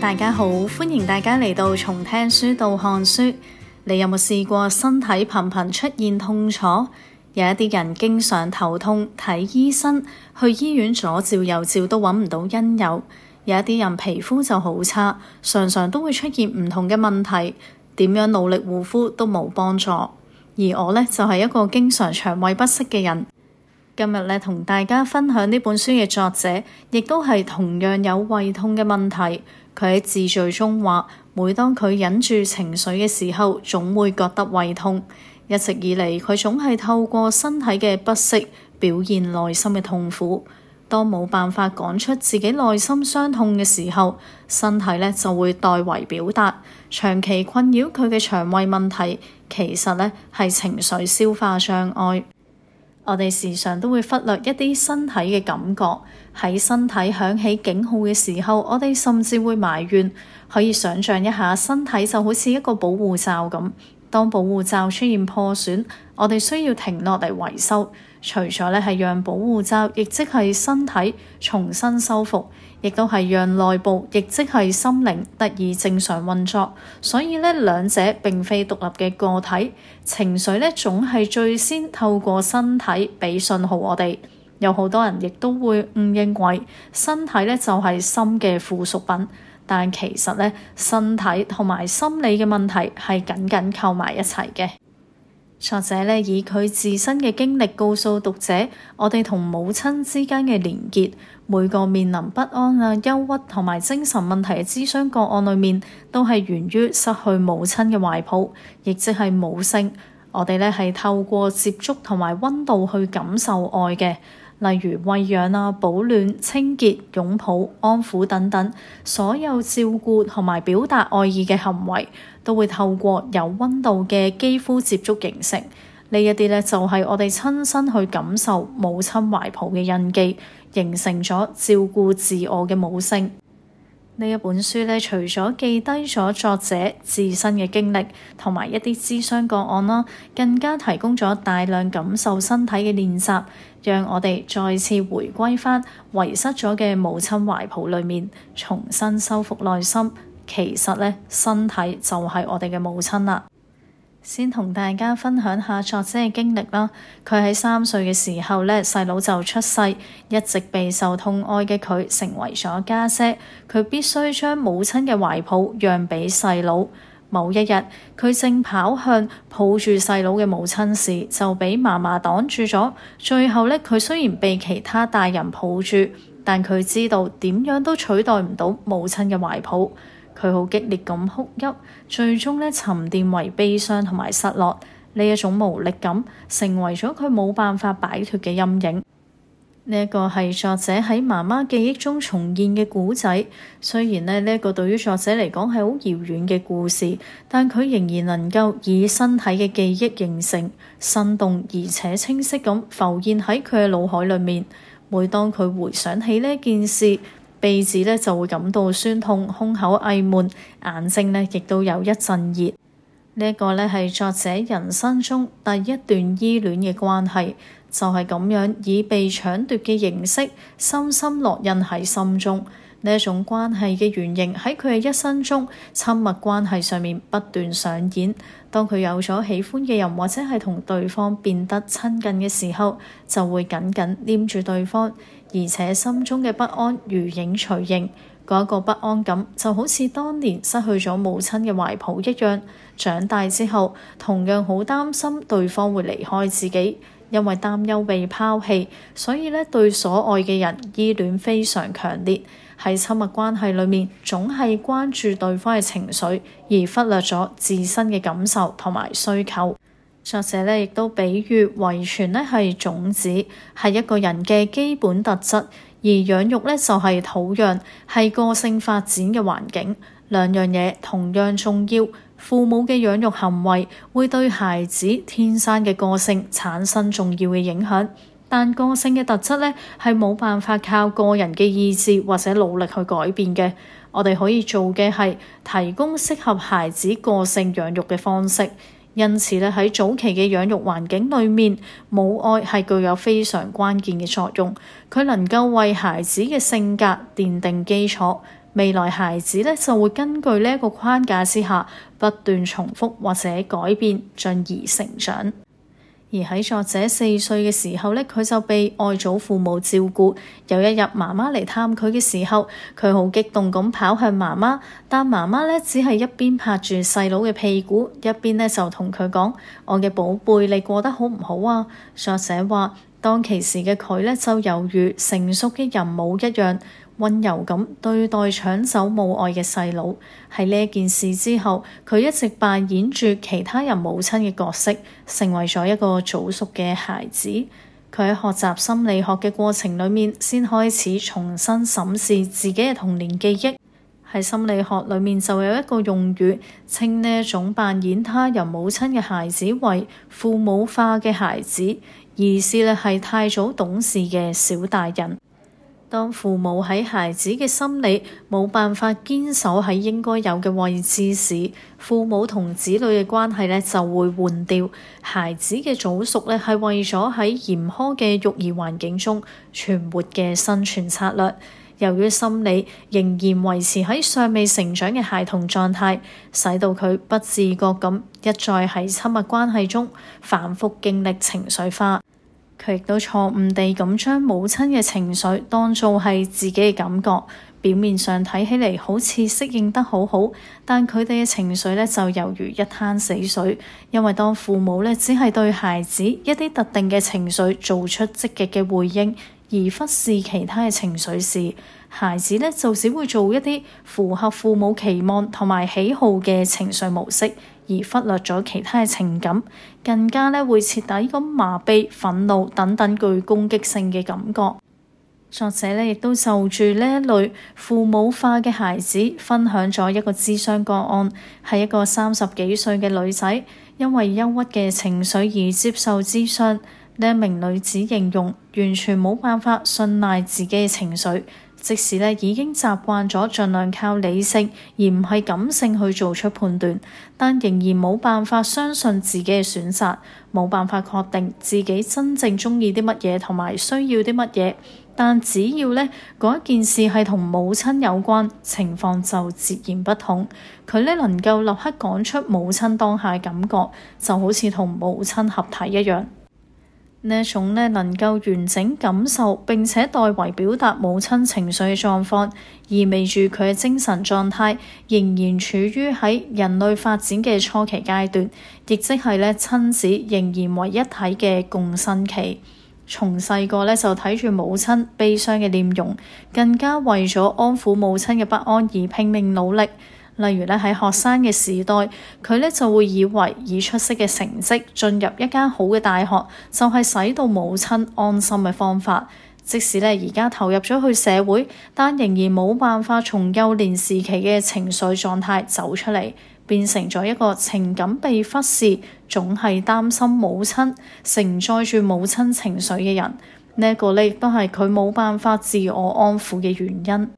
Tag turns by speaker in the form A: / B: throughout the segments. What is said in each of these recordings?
A: 大家好，歡迎大家嚟到從聽書到看書。你有冇試過身體頻頻出現痛楚？有一啲人經常頭痛，睇醫生，去醫院左照右照都揾唔到因由；有一啲人皮膚就好差，常常都會出現唔同嘅問題，點樣努力護膚都冇幫助。而我呢，就係一個經常腸胃不適嘅人。今日咧同大家分享呢本書嘅作者，亦都係同樣有胃痛嘅問題。佢喺自序中話，每當佢忍住情緒嘅時候，總會覺得胃痛。一直以嚟，佢總係透過身體嘅不適表現內心嘅痛苦。當冇辦法講出自己內心傷痛嘅時候，身體咧就會代為表達。長期困擾佢嘅腸胃問題，其實咧係情緒消化障礙。我哋時常都會忽略一啲身體嘅感覺，喺身體響起警號嘅時候，我哋甚至會埋怨。可以想象一下，身體就好似一個保護罩咁，當保護罩出現破損，我哋需要停落嚟維修。除咗呢係讓保護罩，亦即係身體重新修復，亦都係讓內部，亦即係心靈得以正常運作。所以呢兩者並非獨立嘅個體。情緒呢，總係最先透過身體俾信號我哋。有好多人亦都會誤認為身體呢就係心嘅附屬品，但其實呢，身體同埋心理嘅問題係緊緊扣埋一齊嘅。作者呢以佢自身嘅經歷告訴讀者，我哋同母親之間嘅連結，每個面臨不安啊、憂鬱同埋精神問題嘅諮詢個案裏面，都係源於失去母親嘅懷抱，亦即係母性。我哋呢係透過接觸同埋溫度去感受愛嘅。例如餵養啊、保暖、清潔、擁抱、安撫等等，所有照顧同埋表達愛意嘅行為，都會透過有温度嘅肌膚接觸形成。呢一啲咧，就係我哋親身去感受母親懷抱嘅印記，形成咗照顧自我嘅母性。呢一本書咧，除咗記低咗作者自身嘅經歷同埋一啲諮商個案啦，更加提供咗大量感受身體嘅練習，讓我哋再次回歸返遺失咗嘅母親懷抱裏面，重新修復內心。其實咧，身體就係我哋嘅母親啦。先同大家分享下作者嘅經歷啦。佢喺三歲嘅時候呢，細佬就出世，一直備受痛愛嘅佢成為咗家姐。佢必須將母親嘅懷抱讓俾細佬。某一日，佢正跑向抱住細佬嘅母親時，就俾嫲嫲擋住咗。最後呢，佢雖然被其他大人抱住，但佢知道點樣都取代唔到母親嘅懷抱。佢好激烈咁哭泣，最終咧沉澱為悲傷同埋失落呢一種無力感，成為咗佢冇辦法擺脫嘅陰影。呢一個係作者喺媽媽記憶中重現嘅故仔，雖然咧呢一個對於作者嚟講係好遙遠嘅故事，但佢仍然能夠以身體嘅記憶形成，生動而且清晰咁浮現喺佢嘅腦海裏面。每當佢回想起呢件事，鼻子呢就會感到酸痛，胸口翳悶，眼睛呢亦都有一陣熱。呢一個呢係作者人生中第一段依戀嘅關係，就係、是、咁樣以被搶奪嘅形式深深烙印喺心中。呢一種關係嘅原型喺佢嘅一生中親密關係上面不斷上演。當佢有咗喜歡嘅人，或者係同對方變得親近嘅時候，就會緊緊黏住對方，而且心中嘅不安如影隨形。嗰一個不安感就好似當年失去咗母親嘅懷抱一樣。長大之後，同樣好擔心對方會離開自己，因為擔憂被拋棄，所以呢，對所愛嘅人依戀非常強烈。喺親密關係裏面，總係關注對方嘅情緒，而忽略咗自身嘅感受同埋需求。作者咧亦都比喻遺傳咧係種子，係一個人嘅基本特質，而養育呢，就係土壤，係個性發展嘅環境。兩樣嘢同樣重要。父母嘅養育行為會對孩子天生嘅個性產生重要嘅影響。但個性嘅特質呢，係冇辦法靠個人嘅意志或者努力去改變嘅。我哋可以做嘅係提供適合孩子個性養育嘅方式。因此咧，喺早期嘅養育環境裏面，母愛係具有非常關鍵嘅作用。佢能夠為孩子嘅性格奠定基礎，未來孩子呢，就會根據呢一個框架之下不斷重複或者改變，進而成長。而喺作者四歲嘅時候呢，佢就被外祖父母照顧。有一日，媽媽嚟探佢嘅時候，佢好激動咁跑向媽媽，但媽媽呢，只係一邊拍住細佬嘅屁股，一邊呢就同佢講：我嘅寶貝，你過得好唔好啊？作者話，當其時嘅佢呢，就猶如成熟嘅人母一樣。溫柔咁對待搶走母愛嘅細佬，喺呢件事之後，佢一直扮演住其他人母親嘅角色，成為咗一個早熟嘅孩子。佢喺學習心理學嘅過程裡面，先開始重新審視自己嘅童年記憶。喺心理學裡面就有一個用語，稱呢一種扮演他人母親嘅孩子為父母化嘅孩子，而是咧係太早懂事嘅小大人。當父母喺孩子嘅心理冇辦法堅守喺應該有嘅位置時，父母同子女嘅關係咧就會換掉。孩子嘅早熟咧係為咗喺嚴苛嘅育兒環境中存活嘅生存策略。由於心理仍然維持喺尚未成長嘅孩童狀態，使到佢不自覺咁一再喺親密關係中反覆經歷情緒化。佢亦都錯誤地咁將母親嘅情緒當做係自己嘅感覺，表面上睇起嚟好似適應得好好，但佢哋嘅情緒呢就猶如一灘死水，因為當父母呢，只係對孩子一啲特定嘅情緒做出積極嘅回應，而忽視其他嘅情緒時，孩子呢就只會做一啲符合父母期望同埋喜好嘅情緒模式。而忽略咗其他嘅情感，更加咧會徹底咁麻痹、憤怒等等具攻擊性嘅感覺。作者咧亦都就住呢一類父母化嘅孩子分享咗一個諮商個案，係一個三十幾歲嘅女仔，因為憂鬱嘅情緒而接受諮詢。呢一名女子形容完全冇辦法信賴自己嘅情緒。即使呢已經習慣咗盡量靠理性而唔係感性去做出判斷，但仍然冇辦法相信自己嘅選擇，冇辦法確定自己真正中意啲乜嘢同埋需要啲乜嘢。但只要呢嗰一件事係同母親有關，情況就截然不同。佢呢能夠立刻講出母親當下嘅感覺，就好似同母親合體一樣。呢一種能夠完整感受並且代為表達母親情緒嘅狀況，意味住佢嘅精神狀態仍然處於喺人類發展嘅初期階段，亦即係呢親子仍然為一體嘅共生期。從細個呢，就睇住母親悲傷嘅臉容，更加為咗安撫母親嘅不安而拼命努力。例如咧喺學生嘅時代，佢咧就會以為以出色嘅成績進入一間好嘅大學，就係使到母親安心嘅方法。即使咧而家投入咗去社會，但仍然冇辦法從幼年時期嘅情緒狀態走出嚟，變成咗一個情感被忽視、總係擔心母親、承載住母親情緒嘅人。呢一個咧亦都係佢冇辦法自我安撫嘅原因。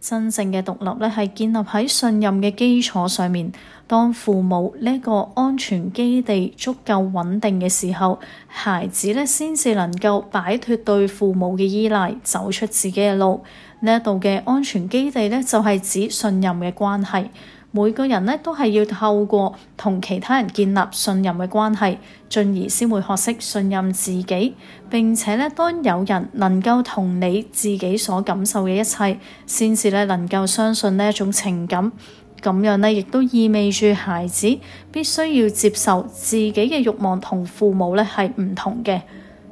A: 真正嘅獨立咧，係建立喺信任嘅基礎上面。當父母呢個安全基地足夠穩定嘅時候，孩子咧先至能夠擺脫對父母嘅依賴，走出自己嘅路。呢一度嘅安全基地咧，就係指信任嘅關係。每個人咧都係要透過同其他人建立信任嘅關係，進而先會學識信任自己。並且咧，當有人能夠同你自己所感受嘅一切，先至咧能夠相信呢一種情感。咁樣咧，亦都意味住孩子必須要接受自己嘅慾望同父母咧係唔同嘅。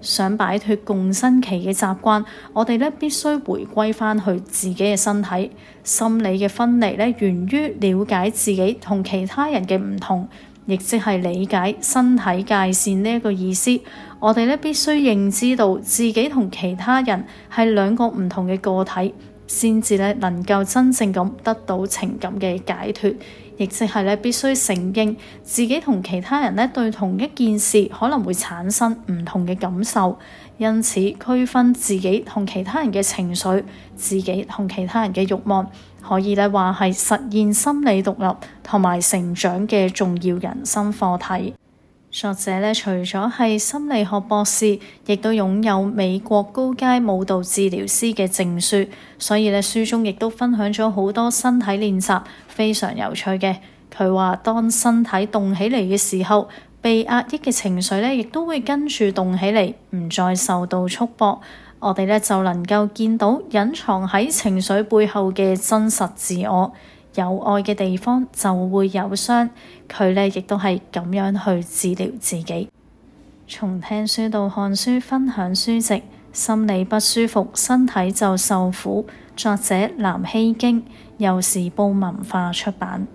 A: 想擺脫共生期嘅習慣，我哋咧必須回歸翻去自己嘅身體，心理嘅分離咧，源於了解自己同其他人嘅唔同，亦即係理解身體界線呢一個意思。我哋咧必須認知到自己同其他人係兩個唔同嘅個體，先至咧能夠真正咁得到情感嘅解脫。亦即係咧，必須承認自己同其他人咧對同一件事可能會產生唔同嘅感受，因此區分自己同其他人嘅情緒、自己同其他人嘅欲望，可以咧話係實現心理獨立同埋成長嘅重要人生課題。作者咧除咗係心理學博士，亦都擁有美國高階舞蹈治療師嘅證書，所以咧書中亦都分享咗好多身體練習，非常有趣嘅。佢話當身體動起嚟嘅時候，被壓抑嘅情緒咧，亦都會跟住動起嚟，唔再受到束縛，我哋咧就能夠見到隱藏喺情緒背後嘅真實自我。有愛嘅地方就會有傷，佢呢亦都係咁樣去治療自己。從聽書到看書，分享書籍。心理不舒服，身體就受苦。作者南希經，由時報文化出版。